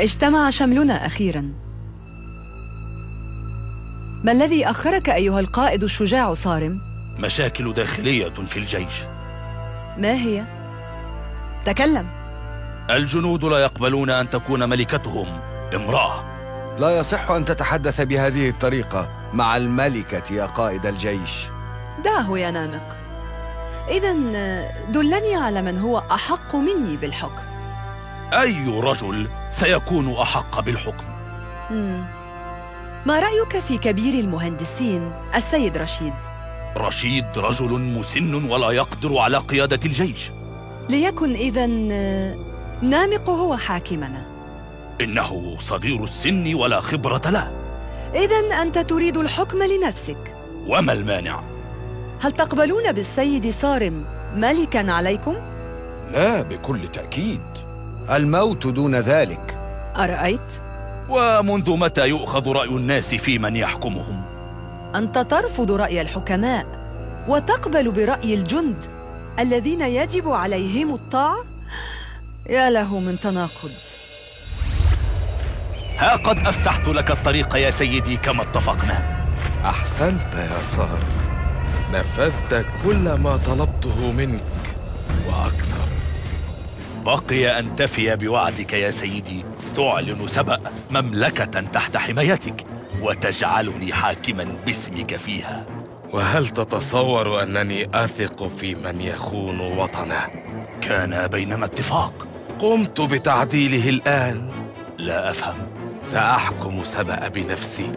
اجتمع شملنا أخيراً ما الذي أخرك أيها القائد الشجاع صارم؟ مشاكل داخلية في الجيش ما هي؟ تكلم الجنود لا يقبلون أن تكون ملكتهم امرأة لا يصح أن تتحدث بهذه الطريقة مع الملكة يا قائد الجيش دعه يا نامق إذا دلني على من هو أحق مني بالحكم أي رجل سيكون أحق بالحكم مم. ما رأيك في كبير المهندسين السيد رشيد؟ رشيد رجل مسن ولا يقدر على قيادة الجيش ليكن إذا آه، نامق هو حاكمنا إنه صغير السن ولا خبرة له إذا أنت تريد الحكم لنفسك وما المانع؟ هل تقبلون بالسيد صارم ملكاً عليكم؟ لا بكل تأكيد الموت دون ذلك أرأيت؟ ومنذ متى يؤخذ رأي الناس في من يحكمهم؟ أنت ترفض رأي الحكماء وتقبل برأي الجند الذين يجب عليهم الطاعة؟ يا له من تناقض ها قد أفسحت لك الطريق يا سيدي كما اتفقنا أحسنت يا صار نفذت كل ما طلبته منك وأكثر بقي أن تفي بوعدك يا سيدي تعلن سبأ مملكة تحت حمايتك وتجعلني حاكما باسمك فيها وهل تتصور أنني أثق في من يخون وطنه؟ كان بيننا اتفاق قمت بتعديله الآن لا أفهم سأحكم سبأ بنفسي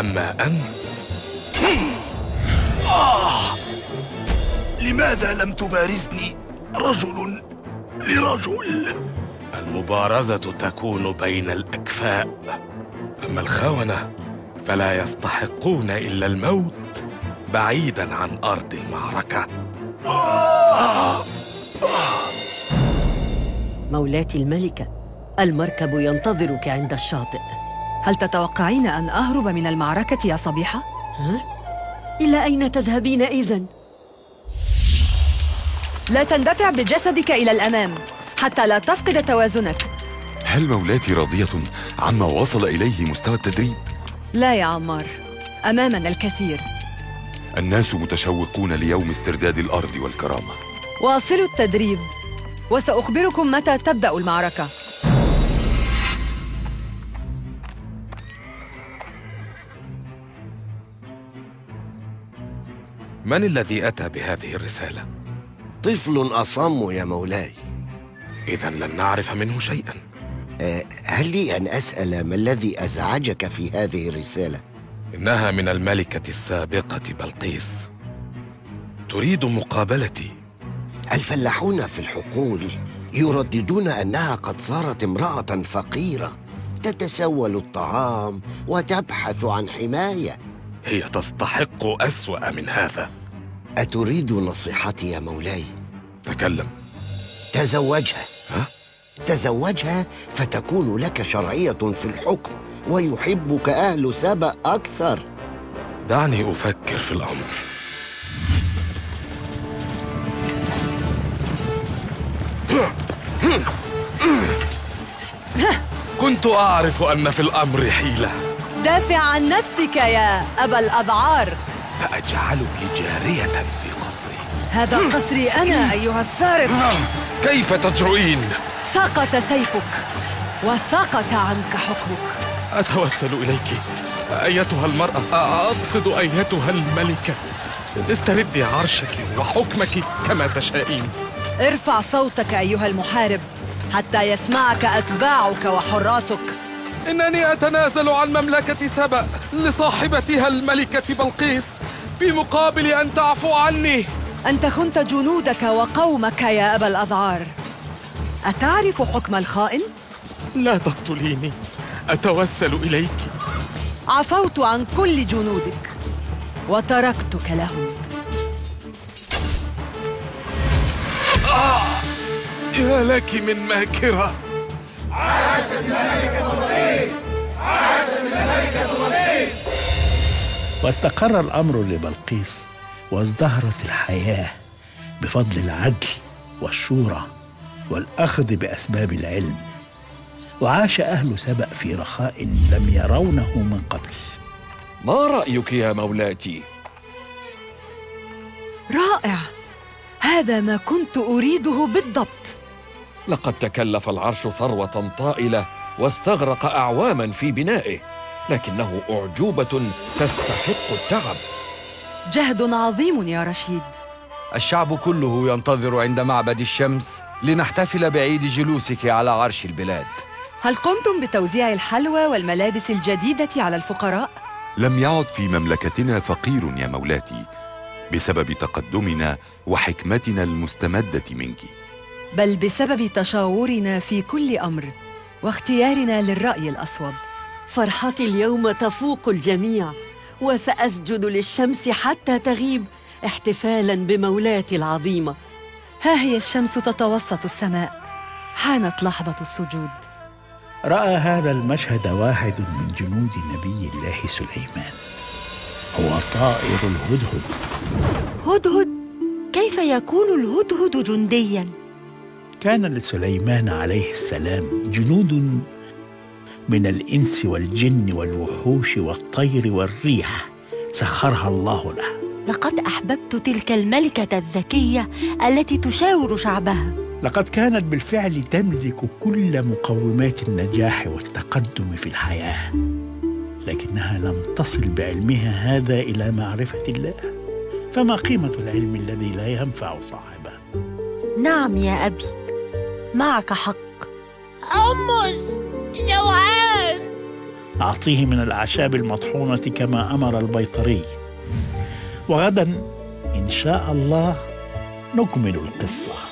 أما أنت آه! لماذا لم تبارزني رجل لرجل المبارزة تكون بين الأكفاء أما الخونة فلا يستحقون إلا الموت بعيداً عن أرض المعركة مولاتي الملكة المركب ينتظرك عند الشاطئ هل تتوقعين أن أهرب من المعركة يا صبيحة؟ ها؟ إلى أين تذهبين إذن؟ لا تندفع بجسدك إلى الأمام حتى لا تفقد توازنك هل مولاتي راضية عما وصل إليه مستوى التدريب؟ لا يا عمار أمامنا الكثير الناس متشوقون ليوم استرداد الأرض والكرامة واصلوا التدريب وسأخبركم متى تبدأ المعركة من الذي أتى بهذه الرسالة؟ طفل أصم يا مولاي إذا لن نعرف منه شيئا أه هل لي أن أسأل ما الذي أزعجك في هذه الرسالة؟ إنها من الملكة السابقة بلقيس تريد مقابلتي الفلاحون في الحقول يرددون أنها قد صارت امرأة فقيرة تتسول الطعام وتبحث عن حماية هي تستحق أسوأ من هذا أتريد نصيحتي يا مولاي؟ تكلم تزوجها ها؟ تزوجها فتكون لك شرعية في الحكم ويحبك أهل سبأ أكثر دعني أفكر في الأمر كنت أعرف أن في الأمر حيلة دافع عن نفسك يا أبا الأبعار سأجعلك جارية في قصري هذا قصري أنا أيها السارق نعم. كيف تجرؤين؟ سقط سيفك وسقط عنك حكمك أتوسل إليك أيتها المرأة أقصد أيتها الملكة استردي عرشك وحكمك كما تشائين ارفع صوتك أيها المحارب حتى يسمعك أتباعك وحراسك إنني أتنازل عن مملكة سبأ لصاحبتها الملكة بلقيس في مقابل أن تعفو عني أنت خنت جنودك وقومك يا أبا الأذعار أتعرف حكم الخائن؟ لا تقتليني أتوسل إليك عفوت عن كل جنودك وتركتك لهم آه يا لك من ماكرة عاش الملكة الرئيس عاش الملكة الرئيس واستقر الأمر لبلقيس وازدهرت الحياة بفضل العدل والشورى والأخذ بأسباب العلم وعاش أهل سبأ في رخاء لم يرونه من قبل ما رأيك يا مولاتي؟ رائع هذا ما كنت أريده بالضبط لقد تكلف العرش ثروة طائلة واستغرق أعواما في بنائه لكنه أعجوبة تستحق التعب جهد عظيم يا رشيد الشعب كله ينتظر عند معبد الشمس لنحتفل بعيد جلوسك على عرش البلاد هل قمتم بتوزيع الحلوى والملابس الجديدة على الفقراء؟ لم يعد في مملكتنا فقير يا مولاتي بسبب تقدمنا وحكمتنا المستمدة منك بل بسبب تشاورنا في كل أمر واختيارنا للرأي الأصوب فرحتي اليوم تفوق الجميع وسأسجد للشمس حتى تغيب احتفالا بمولاتي العظيمة ها هي الشمس تتوسط السماء حانت لحظة السجود رأى هذا المشهد واحد من جنود نبي الله سليمان هو طائر الهدهد هدهد كيف يكون الهدهد جنديا كان لسليمان عليه السلام جنود من الإنس والجن والوحوش والطير والريح سخرها الله له لقد أحببت تلك الملكة الذكية التي تشاور شعبها لقد كانت بالفعل تملك كل مقومات النجاح والتقدم في الحياة لكنها لم تصل بعلمها هذا إلى معرفة الله فما قيمة العلم الذي لا ينفع صاحبه؟ نعم يا أبي معك حق أمس جوهر أعطيه من الأعشاب المطحونة كما أمر البيطري وغدا إن شاء الله نكمل القصه